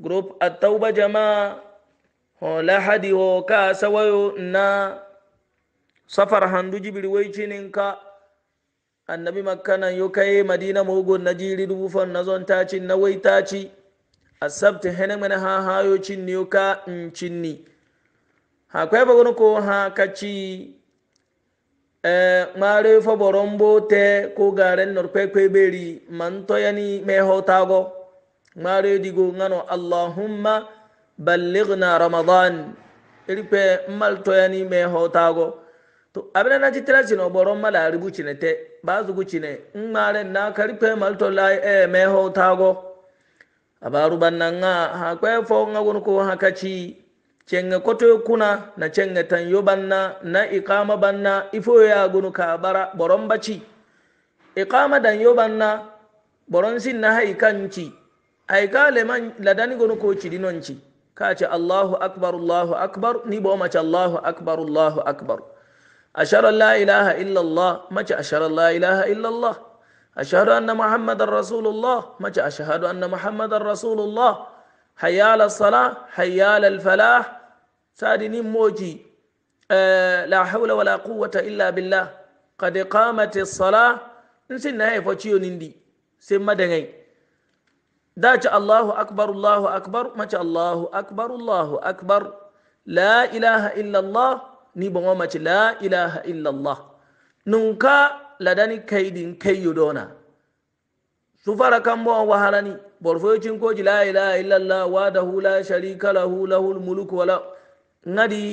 group at-tauba jama'a ho lahadi ho ka sawayo na safar handu jibiri wai cinin ka annabi makkanan yo kai madina mugun na jiri dubufan na zon taci na wai taci asabti hene mana ha hayo cinni yo ka in cinni ha kwai gono ko ha kaci e, mare fa borombo te ko garen nor kwai beri man me hotago maaredigo ngano allahumma balligna ramadan eripe maltoyani me hotago to abena nati telasino boron malari bucine te bazugucine nmare na karipe maltolay e me hotago abaru banna nga hakwe fo nga gonko hakachi cenge koto kuna na cenge tan yo banna na iqama banna ifo ya gonu ka bara boron bachi iqama dan yo banna boron sin na hay kanchi ay ga leman ladani gono ko cidi nonci ka ce allahu akbar allahu akbar ni bo mace allahu akbar allahu akbar ashara la ilaha illa allah mace ashara la ilaha illa allah ashhadu anna muhammadan rasulullah mace ashhadu anna muhammadan rasulullah hayya ala salah hayya ala falah sadi ni moji la hawla wala quwwata illa billah qad qamati as-salah nsin na hay fo ciyo nindi sai madangai داج الله أكبر الله أكبر ما الله أكبر الله أكبر لا إله إلا الله نبغمة لا إله إلا الله ننكا لدني كيد كي يدونا سفر كم وهرني برفوجين كوج لا إله إلا الله وده لا شريك له له الملك ولا ندي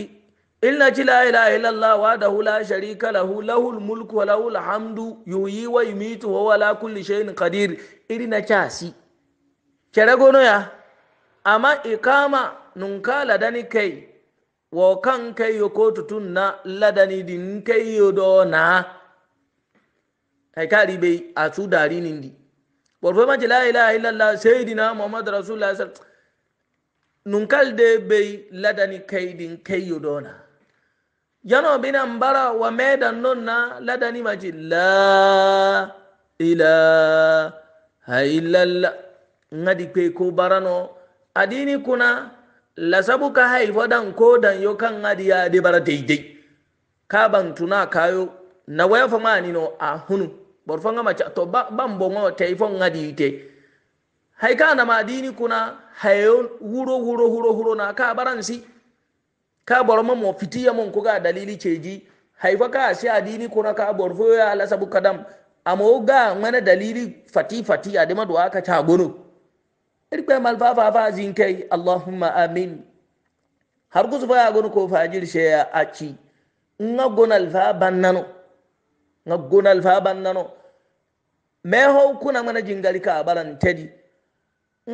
إلا لا إله إلا الله وده لا شريك له له الملك وله الحمد يحيي ويميت وهو على كل شيء قدير إلنا كاسي kere gonoya amma ikama nunka ladani kai wa kan kai yo ko tutun na ladani din kai yo do na kai kari bai a su dari di borfo ma la ilaha illallah sayyidina muhammad rasulullah sallallahu nunkal de bai ladani kai din kai yo do na yano bina mbara wa medan non na ladani maji la ilaha illallah ngadi kwe ko barano adini kuna lasabu ka haifa dan ko dan yo kan ngadi ya de bara daidai ka ban tuna kayo na waya fa mani no a hunu bor fa ngama to ban bongo te fo ngadi te hay na ma adini kuna hayo wuro wuro wuro wuro na ka baransi ka bor ma mo fitiya mon ko ga dalili ceji haifa ka si adini kuna ka bor fo ya lasabu kadam amoga ga ngana dalili fati fati adema do aka cha gono irkwe malfa fa fa zin kai allahumma amin har gusu fa ya gonu ko fajir she ya aci nga gonal fa bannano nga gonal fa bannano me ho kuna mana jingali ka baran tedi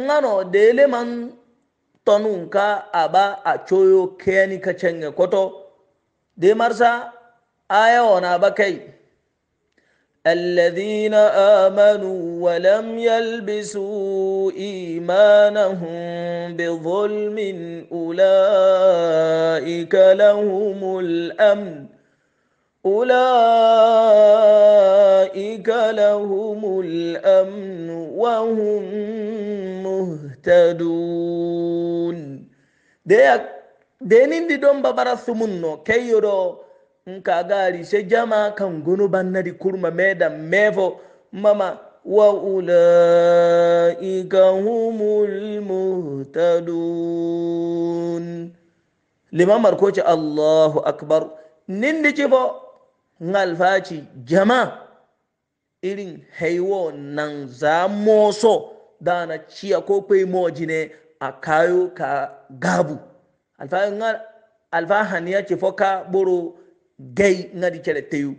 nga no dele man tonun ka aba a coyo keni ka chenge koto de marsa ayo na ba kai الذين امنوا ولم يلبسوا ايمانهم بظلم اولئك لهم الامن اولئك لهم الامن وهم مهتدون they are they دوم بابارا don babara nka gari se jama kan gonu bannadi kurma meda mevo mama wa ula ikahumul muhtadun liman markoci allahu akbar nindi cibo ngalfaci jama irin haiwo nan za moso dana ciya ko kwai moji ne a kayo ka gabu alfahan ya fa ka boro gay ngadi cele teyu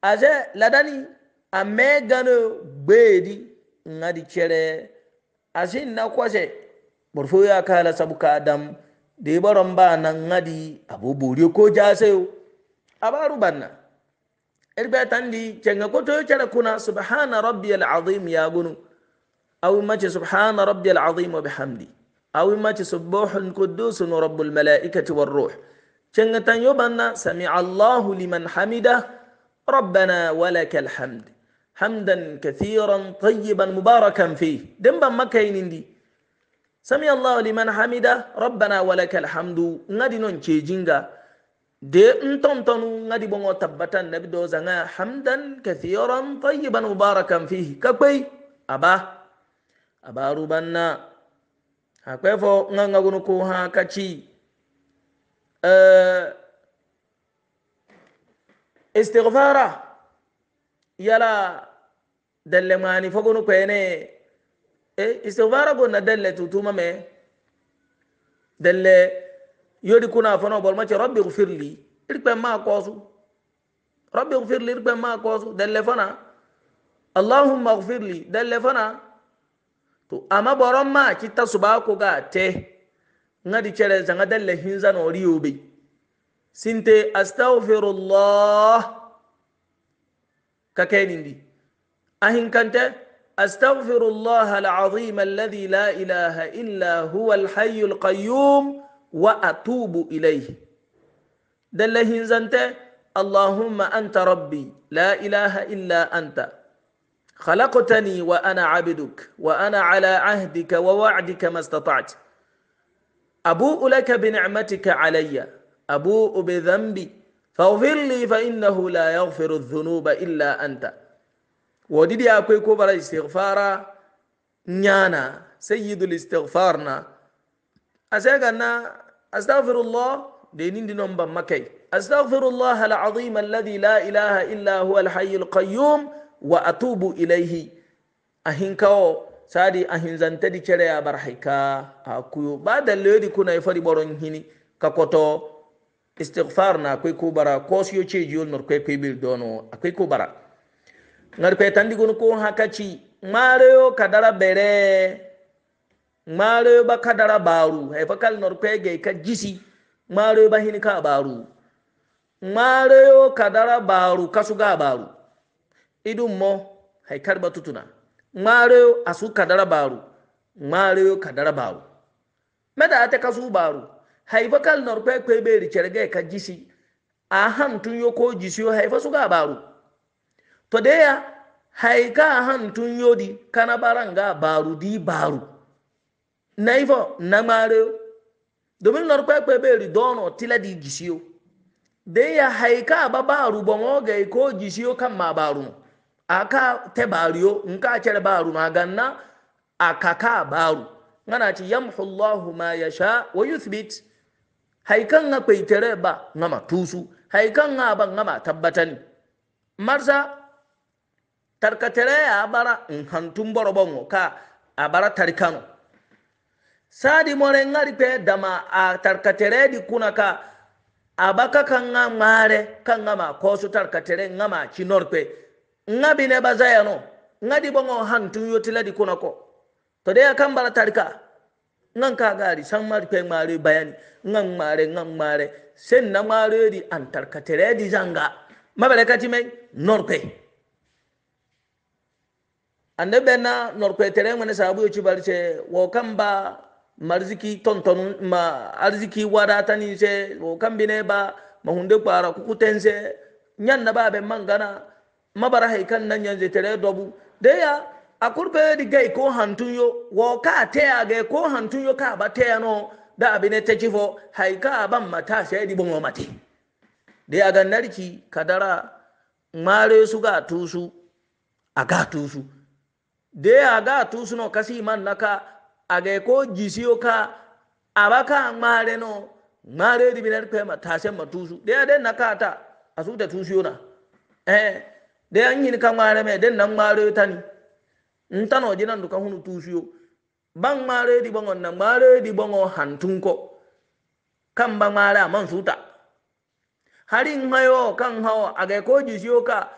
aje ladani amegano bedi gbedi ngadi cele asin na kwase borfo ya kala sabuka adam da yi baron ba nan ngadi abu bori ko jasayo abaru banna irbe tandi kenga ko to cele kuna subhana rabbiyal azim ya gunu aw mace subhana rabbiyal azim wa bihamdi aw mace subbuhun quddusun rabbul malaikati war cengatan yobanna sami'a Allahu liman hamidah rabbana walakal hamd hamdan kathiran tayyiban mubarakan fih demban makaynindi sami Allahu liman hamida rabbana walakal hamdu ngadi non cejinga de ntontonu ngadi bongo tabbatan nabi doza nga hamdan kathiran tayyiban mubarakan fihi kakwai aba abarubanna hakwefo ngangagunu ko ha kaci istighfara yala dalle mani fogonu kwene istighfara gonna dalle tutuma me dalle yodi kuna fano bol mace rabbi gfirli irkpe ma kosu rabbi gfirli irkpe ma kosu dalle fana allahumma gfirli dalle fana to amma boron ma kitta su ba ku ga te nga di chere zanga dalle hinza no riubi sinte astaghfirullah kake nindi ahin kante astaghfirullah alazim alladhi la ilaha illa huwa alhayyul qayyum wa atubu ilayhi dalle hinzante اللهم أنت ربي لا إله إلا أنت خلقتني وأنا عبدك وأنا على عهدك ووعدك ما استطعت أبوء لك بنعمتك علي أبوء بذنبي فاغفر لي فإنه لا يغفر الذنوب إلا أنت ودي أكوي كبر استغفارا نيانا سيد الاستغفارنا أسيقنا أستغفر الله دينين دي بمكي أستغفر الله العظيم الذي لا إله إلا هو الحي القيوم وأتوب إليه أهنكو sadi a hinzantadi kereya bar hayka a kuyo ba dalledi kuna e fadi boron hini ka koto istighfar na akwai ko bara ko su yoce jiyol nor kwai kwai bil dono akwai ko bara ngar kwai tandi gunu ko haka ci mare yo kadara bere mare yo ba kadara baru hay fa kal nor kwai ge ka jisi mare yo ba hini ka baru mare yo kadara baru kasuga baru idum mo hay karba tutuna ŋmaareo a su kadara baaru ŋmaareo kadara baaru meda ate ka su baaru haifa kal norpe kwebeeri cerge ka jisi a ham tun yo ko jisiyo haifa suga baaru to deya hay ka a ham tun yodi kana baranga baaru di baaru naifo na ŋmaareo domin norpe kwebeeri doono tila dii di jisiyo deya hay ka ba baaru boŋo gay ko jisiyo kam maa baaru no aka te bariyo nka cire baru maganna kaka baru ngana ci yamhu Allahu ma yasha wa yuthbit haikan nga kwaitare ba ngama tusu haikan na ban ngama tabbatani Marza, tarkatare ya bara in hantun borobon ka a bara tarkano sadi more ngari pe dama a tarkatare di kuna ka abaka kan ngamare kan ngama kosu tarkatare ngama chinorpe ŋabine bazayano ŋadi boŋo hantuŋ yotiladi kuna ko todeya kambala tarika ŋanka gari sanmarpe ŋmari bayani ŋaŋmare ŋaŋmare senna ŋmaroyodi antarka teredi zanga mabere katime norpe ande benna norpe tere ŋene sababu yo cibarise wo kamba marziki tontonu ma arziki wadatanise wo kambine ba mahunde kpara kukutense ɲannaba be mangana mabara haikan nan yanzu tare dobu da ya a kurbe di gai ko hantun yo wo ka ya ga ko hantun yo ka ba ya no da abin ta kifo haika ban mata sai di bon mate da ya ga narki kadara mare su ga tusu a ga tusu da ya ga tusu no kasi man naka a ga ko jisiyo ka a ka mare no mare di binar pe mata sai matusu da ya den naka ta a su ta tusu yo na eh de an yin ka ngare me den nan ngare tani ntano jinan du ka hunu tusuyo ban ngare di bongo na ngare di bongo hantunko kan ba ngare man suta hari ngayo kan hawo aga ko jisiyo ka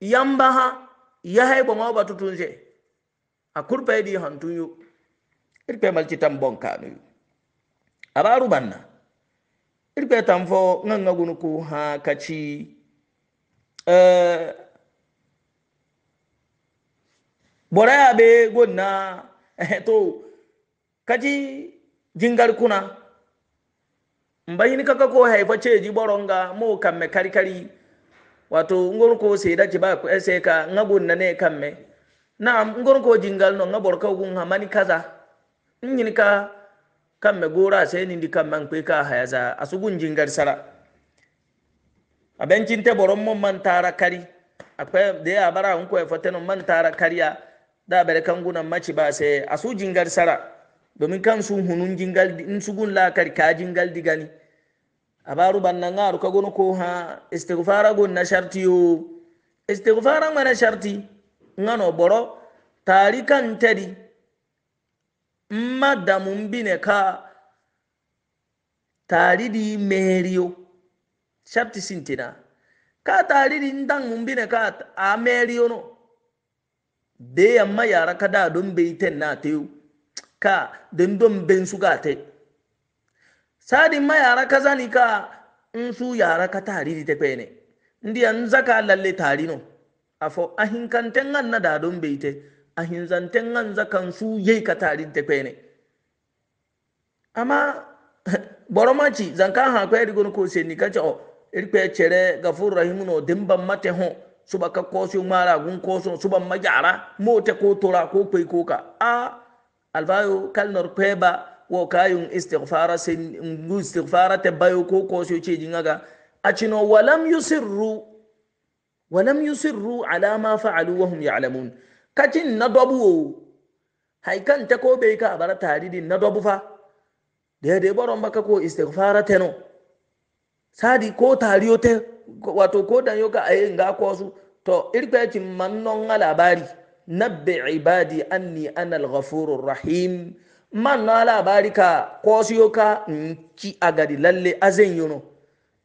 yamba ha ya hay bongo à, à, ba tutunje akurpa di hantunyo irpe malci tan bonka no abaru banna irpe tan fo nganga gunu ko ha kaci eh bora ya be gonna eh, to kaji jingar kuna mbayini kaka ko haifa ji boronga mo kamme kari kari wato ngor ko da ci ba ko ese ka ngabun na ne kamme na ngor ko jingal no ngabor ka gun mani kaza nyin ka kamme gora sai ni man an ka hayaza asugun jingar sara abencin te boron mon man tara kari akwai da ya bara un ko haifa tenon man tara kariya da bere kan gunan maci ba sai a su jingar sara domin kan su hunun jingal in su gun lakar ka jingal digani a baru ban nan ka gunu ko ha istighfara gun na sharti yo istighfara mana sharti ngano boro tari kan tedi madamun bine ka tari di meriyo sharti sintina ka tari di ndang mun bine ka a meriyo no de yamma yara ka da don bai ten na teu ka don don ben su ga te sadi ma yara ka zani ka in su yara ka tari di tepe ne ndi an zaka lalle tari no a fo ahin kan tengan na da don bai te ahin zan tengan zakan su ye ka tari di tepe ne amma boro maci zan ka ha kwa erigo ko se ni ka cha o erikwe chere gafur rahimu no dimban mate ho suba ka kosu mara gun kosu suba majara mota ko tora ko kai ko ka a alfayo kalnar kweba wo kayun istighfara sin istighfara ta bayo ko kosu ce jinaga a cino walam yusirru walam yusirru ala ma fa'alu wa hum ya'lamun kacin na dobu haikan ta ko bai ka bar taridin na dobu fa daidai baron baka ko istighfara teno no sadi ko tariyote wato ko dan yoka ayi nga ko su to irkwe ci mannon labari nabbi ibadi anni ana al-ghafurur rahim man na labari ka ko su yoka ki agadi lalle azen yuno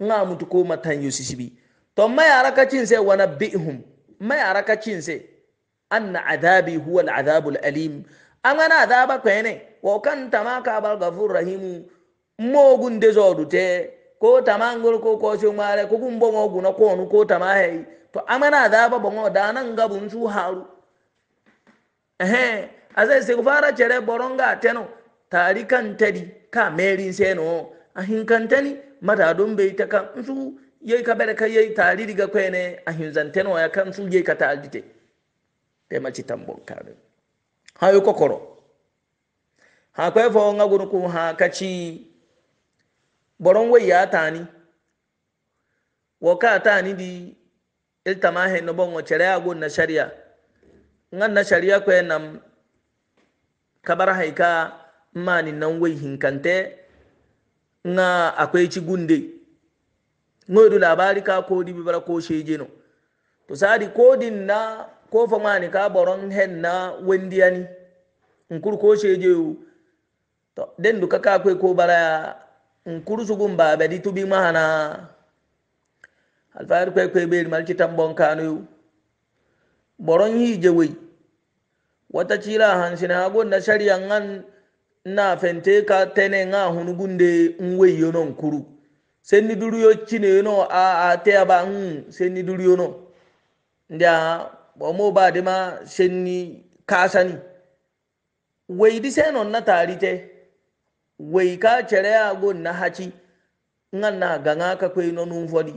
nga mutu ko matan sibi to mayara cin sai wa nabbihum mayara cin sai anna adabi huwa al al-alim an gana adaba kwene wa kan tamaka bal ghafurur rahimu mogun de zodu te kotama ngol ko kosi ŋmaare koku mboŋo guna konu kotama heyi to amana adaba boŋo dana ngabun su haru ehe asa istighfara cere boronga teno tari kantadi ka merin seno ahin kantani mata don bai ta kan yai ka bere ka yai tari diga kwene ahin zanteno ya kan su yai ka ta ajite te kokoro ha ku ha boron wai ya tani wa ka tani di iltama he no bon wacere na sharia ngan na sharia ko nam kabar haika mani nan wai hinkante nga akwai ci gunde ngodu labari ka ko di bibara ko sheje no to sadi kodin na ko fa mani ka boron hen na ni nkur ko sheje to den du kaka ko baraya nkuru sugun babe di tubi mahana alfayar kwekwe beri malci tambon kanu boron hije wai wata cira hansi na agon na shari'a ngan na fente ka tene nga hunugun de nwe yono nkuru sen ni duru yo chine yono a a te aba hun sen ni duru yono ndia bo mo ba de ma seni ni kasani wei di senon na tarite Wai ka chere ya go na haki nga na ganga ka kwe no n'ụfọdụ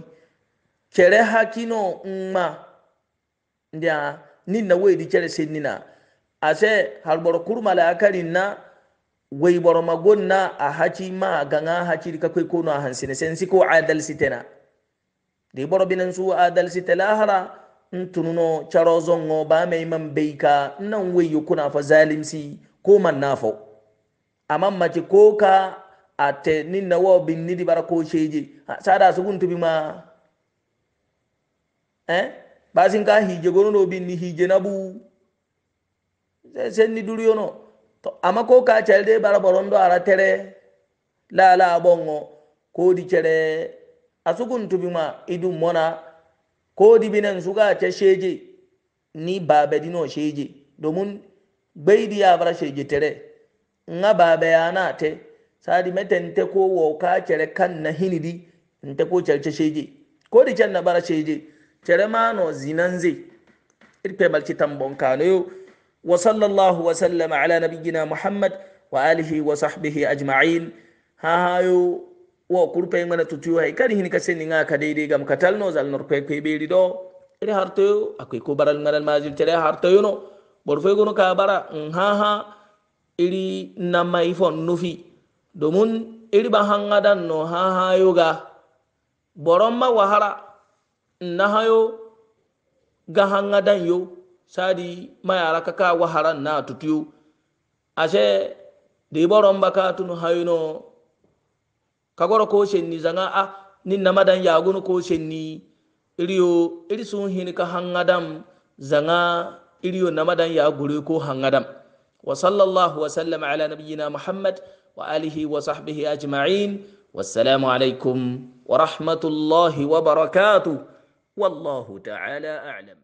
chere haki no mma ndị ni na wai di chere se ni na ase harbor kurmala akari na Wai boro magon na a haki ma ganga haki ka kwe ko no a hansine sensi ko adal sitena de bor binan su adal sitela hara ntununo charo zongo ba mai man beika nan wai yukuna fa zalimsi ko man nafo amam mace ko ka a te nin na wo bin nidi bara ko sheje sada su gun tubi ma eh ba sin ka hije gono no bin ni hije na bu sen ni duru yono to ama ko ka chalde bara borondo ara tere la la bongo ko di chere asugun tubi ma idu mona ko di binan suga ce sheje ni babedino sheje domin gbaidi ya bara sheje tere nga ba bayana te sadi meten te ko wo ka kere kan na hinidi nte ko chelche sheje ko di chen na bara sheje chere mano zinanze irpe balci tambon kano yo wa sallallahu wa sallama ala nabiyyina muhammad wa alihi wa sahbihi ajma'in ha ha yo wo kurpe ngana tutu hay kadi hin ka nga ka daidai gam katal no zal nor pe kwe beri do ire harto akwai ko baral maral majil chere harto yo no borfe gono ka bara mm, ha ha iri na maifon nufi domin iri ba hangadan no ha hayo ga boron ma wahara na hayo ga hangadan yo sadi mayara kaka wahara na tutuyo ashe da boron ka tunu hayo no kagoro ko shenni zanga a nin ya yagunu ko shenni iriyo iri sun hini ka hangadam zanga iriyo namadan ya gure ko hangadam وصلى الله وسلم على نبينا محمد وآله وصحبه أجمعين والسلام عليكم ورحمة الله وبركاته والله تعالى أعلم